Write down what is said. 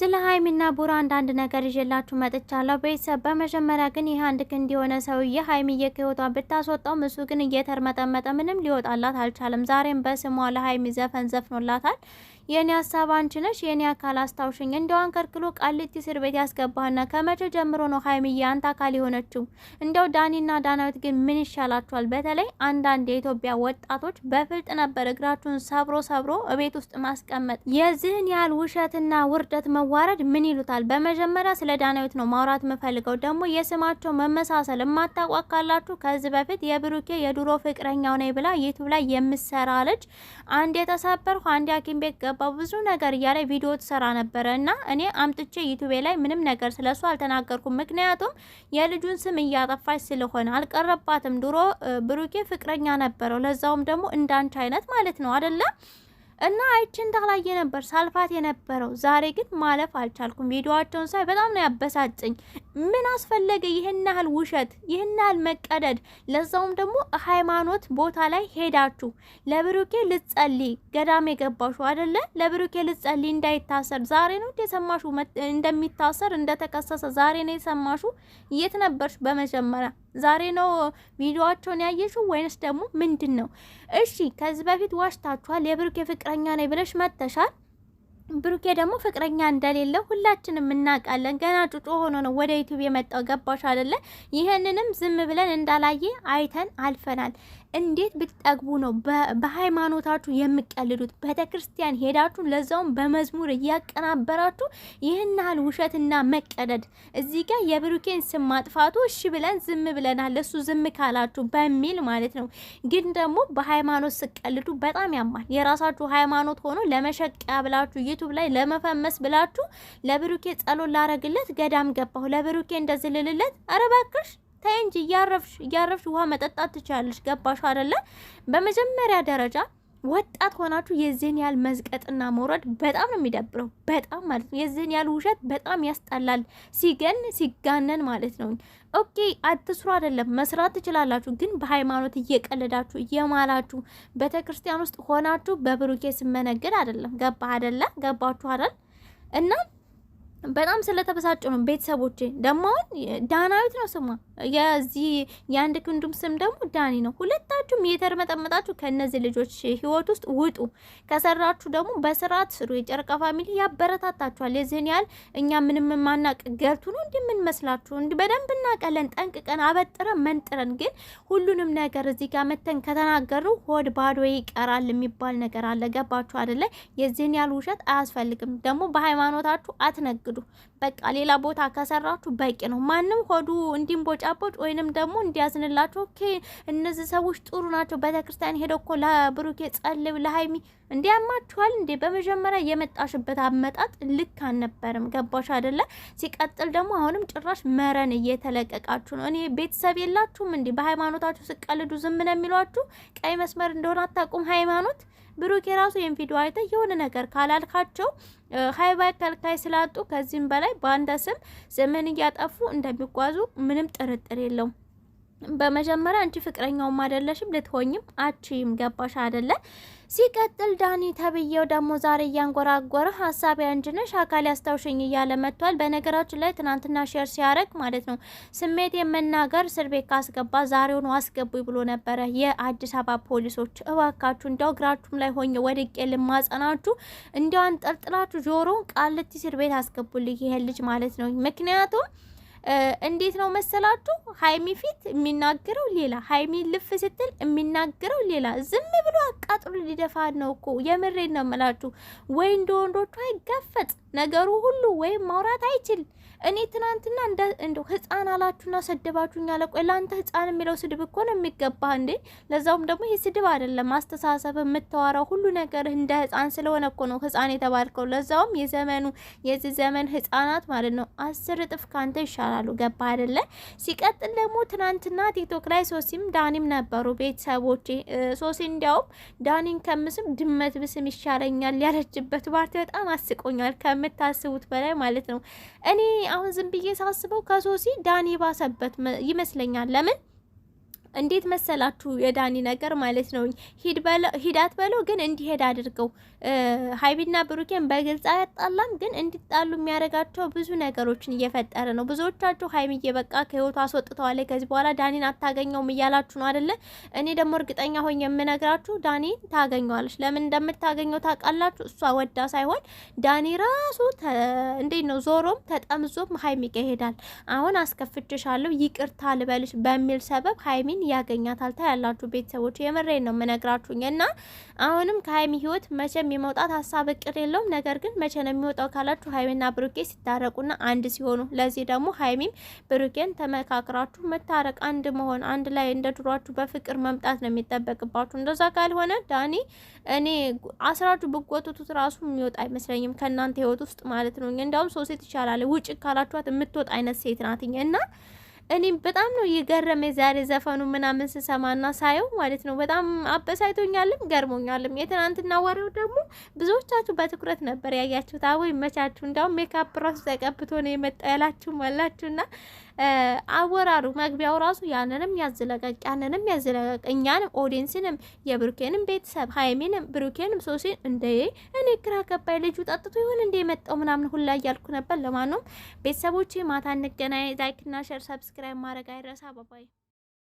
ስለ ሀይሚና ቡራ አንዳንድ ነገር ይዤላችሁ መጥቻለሁ ቤተሰብ። በመጀመሪያ ግን ይህ አንድ ክንድ የሆነ ሰውዬ ሀይሚዬ ከህይወቷን ብታስወጣውም እሱ ግን እየተርመጠመጠ ምንም ሊወጣላት አልቻለም። ዛሬም በስሟ ለሀይሚ ዘፈን ዘፍኖላታል። የእኔ ሀሳብ አንቺ ነሽ፣ የእኔ አካል አስታውሽኝ። እንደው አንከርክሎ ቃሊቲ እስር ቤት ያስገባህና ከመቼ ጀምሮ ነው ሀይሚዬ አንተ አካል የሆነችው? እንደው ዳኒና ዳናዊት ግን ምን ይሻላቸዋል? በተለይ አንዳንድ የኢትዮጵያ ወጣቶች በፍልጥ ነበር እግራችሁን ሰብሮ ሰብሮ እቤት ውስጥ ማስቀመጥ። የዚህን ያህል ውሸትና ውርደት መዋረድ ምን ይሉታል? በመጀመሪያ ስለ ዳናዊት ነው ማውራት የምፈልገው። ደግሞ የስማቸው መመሳሰል የማታውቋት ከዚህ በፊት የብሩኬ የድሮ ፍቅረኛው ነኝ ብላ ዩቱብ ላይ የምሰራ ልጅ አንድ የተሰበርኩ አንድ ሐኪም ቤት ገባ ገባው ብዙ ነገር እያለ ቪዲዮ ትሰራ ነበረ እና እኔ አምጥቼ ዩቱቤ ላይ ምንም ነገር ስለሱ አልተናገርኩም። ምክንያቱም የልጁን ስም እያጠፋች ስለሆነ አልቀረባትም። ድሮ ብሩኬ ፍቅረኛ ነበረው፣ ለዛውም ደግሞ እንዳንቺ አይነት ማለት ነው አደለም እና አይቼ እንዳላየ ነበር ሳልፋት የነበረው። ዛሬ ግን ማለፍ አልቻልኩም። ቪዲዮዋቸውን ሳይ በጣም ነው ያበሳጭኝ። ምን አስፈለገ ይህን ያህል ውሸት፣ ይህን ያህል መቀደድ? ለዛውም ደግሞ ሃይማኖት ቦታ ላይ ሄዳችሁ ለብሩኬ ልትጸልይ ገዳም የገባሹ አደለ? ለብሩኬ ልትጸልይ እንዳይታሰር ዛሬ ነው የሰማሹ እንደሚታሰር እንደተከሰሰ ዛሬ ነው የሰማሹ። የት ነበርሽ በመጀመሪያ ዛሬ ነው ቪዲዮዋቸውን ያየሽው ወይንስ ደግሞ ምንድን ነው? እሺ ከዚህ በፊት ዋሽታችኋል። የብሩኬ ፍቅረኛ ነኝ ብለሽ መጥተሻል። ብሩኬ ደግሞ ፍቅረኛ እንደሌለ ሁላችንም እናውቃለን። ገና ጩጮ ሆኖ ነው ወደ ዩቱብ የመጣው ገባሽ አይደለ? ይህንንም ዝም ብለን እንዳላየ አይተን አልፈናል። እንዴት ብትጠግቡ ነው በሃይማኖታችሁ የምቀልዱት? ቤተ ክርስቲያን ሄዳችሁ ለዛውም በመዝሙር እያቀናበራችሁ ይህን ያህል ውሸትና መቀደድ። እዚህ ጋር የብሩኬን ስም ማጥፋቱ እሺ ብለን ዝም ብለናል፣ ለሱ ዝም ካላችሁ በሚል ማለት ነው። ግን ደግሞ በሃይማኖት ስቀልዱ በጣም ያማል። የራሳችሁ ሃይማኖት ሆኖ ለመሸቂያ ብላችሁ ዩቱብ ላይ ለመፈመስ ብላችሁ ለብሩኬ ጸሎት ላረግለት ገዳም ገባሁ፣ ለብሩኬ እንደዝልልለት፣ ልልለት፣ እባክሽ ተይ እንጂ እያረፍሽ እያረፍሽ ውሃ መጠጣት ትችላለች ገባሽ አደለ በመጀመሪያ ደረጃ ወጣት ሆናችሁ የዚህን ያህል መዝቀጥና መውረድ በጣም ነው የሚደብረው። በጣም ማለት ነው የዚህን ያህል ውሸት በጣም ያስጠላል። ሲገን ሲጋነን ማለት ነው። ኦኬ አትስሩ አይደለም መስራት ትችላላችሁ፣ ግን በሃይማኖት እየቀለዳችሁ እየማላችሁ ቤተ ክርስቲያን ውስጥ ሆናችሁ በብሩኬ ስመነግድ አይደለም። ገባ አደለ? ገባችሁ አደል? እና በጣም ስለተበሳጩ ነው ቤተሰቦቼ። ደግሞ ዳናዊት ነው ስሟ፣ የዚህ የአንድ ክንዱም ስም ደግሞ ዳኒ ነው። ሁለታችሁም የተርመጠመጣችሁ ከእነዚህ ልጆች ህይወት ውስጥ ውጡ። ከሰራችሁ ደግሞ በስርዓት ስሩ። የጨረቃ ፋሚሊ ያበረታታችኋል። የዚህን ያህል እኛ ምንም ማናቅ ገብቱ ነው እንዲህ የምንመስላችሁ? በደንብ እናቀለን፣ ጠንቅቀን፣ አበጥረን መንጥረን። ግን ሁሉንም ነገር እዚህ ጋር መተን ከተናገሩ ሆድ ባዶ ይቀራል የሚባል ነገር አለ። ገባችሁ አደለ? የዚህን ያህል ውሸት አያስፈልግም። ደግሞ በሃይማኖታችሁ አትነግሩ አታስወግዱ። በቃ ሌላ ቦታ ከሰራችሁ በቂ ነው። ማንም ሆዱ እንዲንቦጫቦጭ ወይንም ደግሞ እንዲያዝንላችሁ ኦኬ፣ እነዚህ ሰዎች ጥሩ ናቸው፣ ቤተክርስቲያን ሄደ እኮ ለብሩኬ ጸልብ ለሀይሚ እንዲያማችኋል እንዴ? በመጀመሪያ የመጣሽበት አመጣጥ ልክ አልነበርም። ገባሽ አደለ? ሲቀጥል ደግሞ አሁንም ጭራሽ መረን እየተለቀቃችሁ ነው። እኔ ቤተሰብ የላችሁም እንዴ? በሃይማኖታችሁ ስቀልዱ ዝም ነው የሚሏችሁ። ቀይ መስመር እንደሆነ አታውቁም ሃይማኖት ብሩክ የራሱ ይህን ቪዲዮ አይተ የሆነ ነገር ካላልካቸው ሀይባይ ከልካይ ስላጡ ከዚህም በላይ በአንተ ስም ዘመን እያጠፉ እንደሚጓዙ ምንም ጥርጥር የለውም። በመጀመሪያ አንቺ ፍቅረኛውም አይደለሽም ልትሆኝም አቺም ገባሽ አይደለ? ሲቀጥል ዳኒ ተብዬው ደግሞ ዛሬ እያንጎራጎረ ሀሳብ ያንጅነሽ አካል ያስታውሽኝ እያለ መጥቷል። በነገራችን ላይ ትናንትና ሼር ሲያደርግ ማለት ነው ስሜት የመናገር እስር ቤት ካስገባ ዛሬውን አስገቡኝ ብሎ ነበረ። የአዲስ አበባ ፖሊሶች እባካችሁ እንዲያው እግራችሁም ላይ ሆኜ ወድቄ ልማጸናችሁ፣ እንዲያው አንጠልጥላችሁ ጆሮን ቃልቲ እስር ቤት አስገቡልኝ ይሄ ልጅ ማለት ነው ምክንያቱም እንዴት ነው መሰላችሁ? ሀይሚ ፊት የሚናገረው ሌላ፣ ሀይሚ ልፍ ስትል የሚናገረው ሌላ። ዝም ብሎ አቃጥሎ ሊደፋን ነው እኮ። የምሬን ነው የምላችሁ። ወይ እንደ ወንዶቹ አይጋፈጥ ነገሩ ሁሉ ወይም ማውራት አይችል። እኔ ትናንትና እንደው ህፃን አላችሁና ሰደባችሁኝ አለ። ቆይ ለአንተ ህፃን የሚለው ስድብ እኮ ነው የሚገባህ እንዴ! ለዛውም ደግሞ ይህ ስድብ አይደለም። አስተሳሰብ የምታወራው ሁሉ ነገር እንደ ህፃን ስለሆነ እኮ ነው ህፃን የተባልከው። ለዛውም የዘመኑ የዚህ ዘመን ህፃናት ማለት ነው አስር እጥፍ ካንተ ይሻላሉ። ገባ አይደለ? ሲቀጥል ደግሞ ትናንትና ቲክቶክ ላይ ሶሲም ዳኒም ነበሩ ቤተሰቦቼ። ሶሲ እንዲያውም ዳኒን ከምስም ድመት ብስም ይሻለኛል ያለችበት ፓርት በጣም አስቆኛል፣ ከምታስቡት በላይ ማለት ነው። እኔ አሁን ዝም ብዬ ሳስበው ከሶሲ ዳኒ ባሰበት ይመስለኛል። ለምን እንዴት መሰላችሁ የዳኒ ነገር ማለት ነው። ሂዳት በለው ግን እንዲሄድ አድርገው። ሀይቢና ብሩኬን በግልጽ አያጣላም፣ ግን እንዲጣሉ የሚያደርጋቸው ብዙ ነገሮችን እየፈጠረ ነው። ብዙዎቻችሁ ሀይሚዬ በቃ ከህይወቱ አስወጥተዋለ ከዚህ በኋላ ዳኒን አታገኘውም እያላችሁ ነው አደለ? እኔ ደግሞ እርግጠኛ ሆኝ የምነግራችሁ ዳኒን ታገኘዋለች። ለምን እንደምታገኘው ታውቃላችሁ። እሷ ወዳ ሳይሆን ዳኒ ራሱ እንዴት ነው ዞሮም ተጠምዞም ሀይሚ ይሄዳል። አሁን አስከፍችሻለሁ ይቅርታ ልበልሽ በሚል ሰበብ ሀይሚን ሀይሚን ያገኛታል። ታያላችሁ ቤተሰቦች፣ የምሬን ነው የምነግራችሁኝ። እና አሁንም ከሀይሚ ህይወት መቼም የመውጣት ሀሳብ እቅድ የለውም። ነገር ግን መቼ ነው የሚወጣው ካላችሁ ሀይሚና ብሩኬ ሲታረቁና አንድ ሲሆኑ፣ ለዚህ ደግሞ ሀይሚም ብሩኬን ተመካክራችሁ መታረቅ፣ አንድ መሆን፣ አንድ ላይ እንደ ድሯችሁ በፍቅር መምጣት ነው የሚጠበቅባችሁ። እንደዛ ካልሆነ ዳኒ እኔ አስራችሁ ብጎትቱት ራሱ የሚወጣ አይመስለኝም ከእናንተ ህይወት ውስጥ ማለት ነው። እንዲያውም ሶሴት ይቻላል ውጭ ካላችኋት የምትወጣ አይነት ሴት ናትኝ እና እኔም በጣም ነው የገረመኝ ዛሬ ዘፈኑ ምናምን ስሰማና ሳየው ማለት ነው። በጣም አበሳይቶኛልም ገርሞኛልም። የትናንትና ወሬው ደግሞ ብዙዎቻችሁ በትኩረት ነበር ያያችሁት። አቦ ይመቻችሁ። እንዲያውም ሜካፕ ራሱ ተቀብቶ ነው የመጣ ያላችሁም አላችሁና አወራሩ መግቢያው ራሱ ያንንም ያዝለቀቅ ያንንም ያዝለቀቅ እኛንም ኦዲንስንም የብሩኬንም ቤተሰብ ሀይሚንም ብሩኬንም ሶሲን እንደ እኔ ግራ ገባኝ። ልጁ ጠጥቶ ይሆን እንደ የመጣው ምናምን ሁላ እያልኩ ነበር። ለማንም ቤተሰቦቼ ማታ እንገናኝ። ላይክና ሸር ሰብስክራይብ ማድረግ አይረሳ። አባባይ